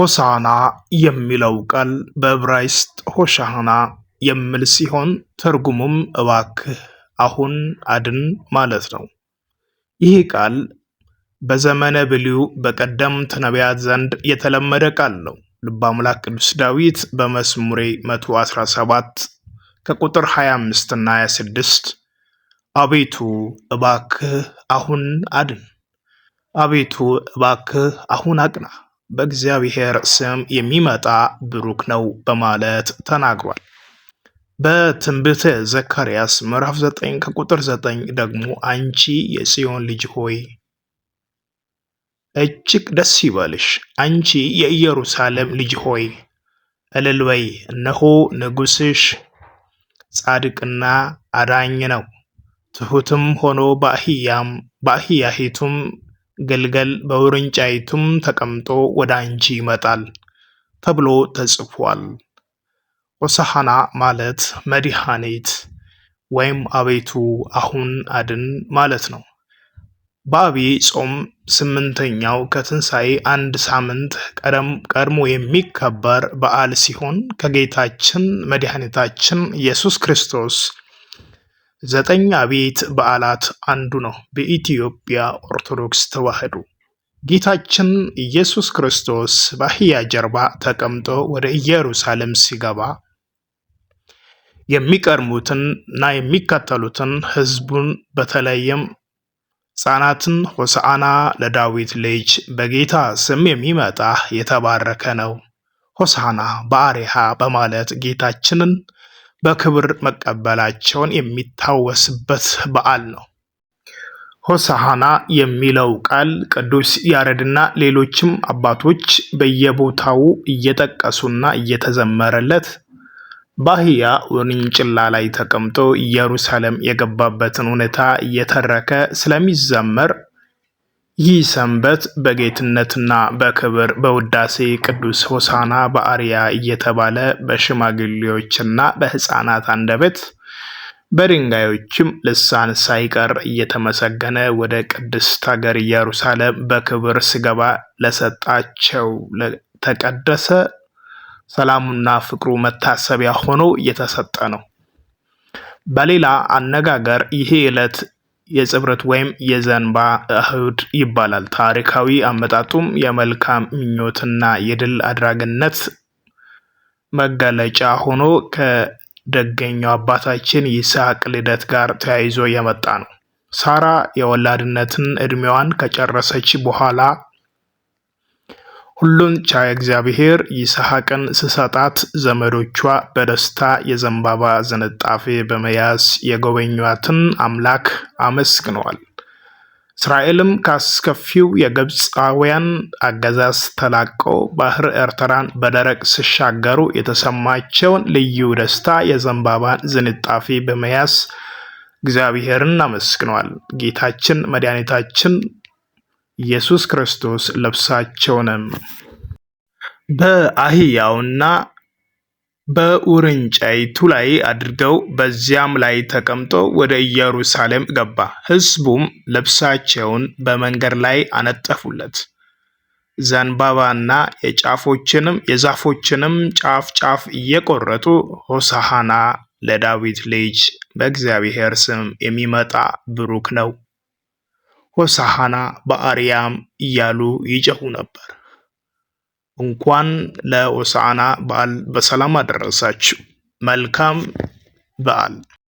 ሆሳና የሚለው ቃል በዕብራይስጥ ሆሻህና የሚል ሲሆን ትርጉሙም እባክህ አሁን አድን ማለት ነው። ይህ ቃል በዘመነ ብሉይ በቀደምት ነቢያት ዘንድ የተለመደ ቃል ነው። ልበ አምላክ ቅዱስ ዳዊት በመዝሙሬ 117 ከቁጥር 25 እና 26 አቤቱ እባክህ አሁን አድን፣ አቤቱ እባክህ አሁን አቅና በእግዚአብሔር ስም የሚመጣ ብሩክ ነው በማለት ተናግሯል። በትንቢተ ዘካርያስ ምዕራፍ 9 ከቁጥር 9 ደግሞ አንቺ የጽዮን ልጅ ሆይ እጅግ ደስ ይበልሽ፣ አንቺ የኢየሩሳሌም ልጅ ሆይ እልል በይ፣ እነሆ ንጉሥሽ ጻድቅና አዳኝ ነው፣ ትሑትም ሆኖ በአህያም በአህያይቱም ግልገል በውርንጫይቱም ተቀምጦ ወደ አንቺ ይመጣል ተብሎ ተጽፏል። ሆሳዕና ማለት መድኃኒት ወይም አቤቱ አሁን አድን ማለት ነው። በዐቢይ ጾም ስምንተኛው ከትንሣኤ አንድ ሳምንት ቀድሞ የሚከበር በዓል ሲሆን ከጌታችን መድኃኒታችን ኢየሱስ ክርስቶስ ዘጠኝ አቤት በዓላት አንዱ ነው። በኢትዮጵያ ኦርቶዶክስ ተዋህዶ ጌታችን ኢየሱስ ክርስቶስ በአህያ ጀርባ ተቀምጦ ወደ ኢየሩሳሌም ሲገባ የሚቀርሙትን እና የሚከተሉትን ህዝቡን በተለይም ህፃናትን ሆሳዕና ለዳዊት ልጅ በጌታ ስም የሚመጣ የተባረከ ነው ሆሳዕና በአሪሃ በማለት ጌታችንን በክብር መቀበላቸውን የሚታወስበት በዓል ነው። ሆሳሃና የሚለው ቃል ቅዱስ ያሬድና ሌሎችም አባቶች በየቦታው እየጠቀሱና እየተዘመረለት ባህያ ውርንጭላ ላይ ተቀምጦ ኢየሩሳሌም የገባበትን ሁኔታ እየተረከ ስለሚዘመር ይህ ሰንበት በጌትነትና በክብር በውዳሴ ቅዱስ ሆሳና በአርያ እየተባለ በሽማግሌዎችና በሕፃናት አንደበት በድንጋዮችም ልሳን ሳይቀር እየተመሰገነ ወደ ቅድስት ሀገር ኢየሩሳሌም በክብር ስገባ ለሰጣቸው ለተቀደሰ ሰላሙና ፍቅሩ መታሰቢያ ሆኖ እየተሰጠ ነው። በሌላ አነጋገር ይሄ ዕለት የጽብረት ወይም የዘንባ እህድ ይባላል። ታሪካዊ አመጣጡም የመልካም ምኞትና የድል አድራጊነት መገለጫ ሆኖ ከደገኛው አባታችን ይስሐቅ ልደት ጋር ተያይዞ የመጣ ነው። ሳራ የወላድነትን እድሜዋን ከጨረሰች በኋላ ሁሉን ቻይ እግዚአብሔር ይስሐቅን ስሰጣት ዘመዶቿ በደስታ የዘንባባ ዝንጣፊ በመያዝ የጎበኟትን አምላክ አመስግነዋል። እስራኤልም ካስከፊው የግብፃውያን አገዛዝ ተላቀው ባህር ኤርትራን በደረቅ ሲሻገሩ የተሰማቸውን ልዩ ደስታ የዘንባባን ዝንጣፊ በመያዝ እግዚአብሔርን አመስግነዋል። ጌታችን መድኃኒታችን ኢየሱስ ክርስቶስ ለብሳቸውንም በአህያውና በውርንጫይቱ ላይ አድርገው በዚያም ላይ ተቀምጦ ወደ ኢየሩሳሌም ገባ። ሕዝቡም ልብሳቸውን በመንገድ ላይ አነጠፉለት። ዘንባባና የጫፎችንም የዛፎችንም ጫፍ ጫፍ እየቆረጡ ሆሳሃና ለዳዊት ልጅ በእግዚአብሔር ስም የሚመጣ ብሩክ ነው ወሳሃና በአርያም እያሉ ይጨሁ ነበር። እንኳን ለሆሳዕና በዓል በሰላም አደረሳችሁ። መልካም በዓል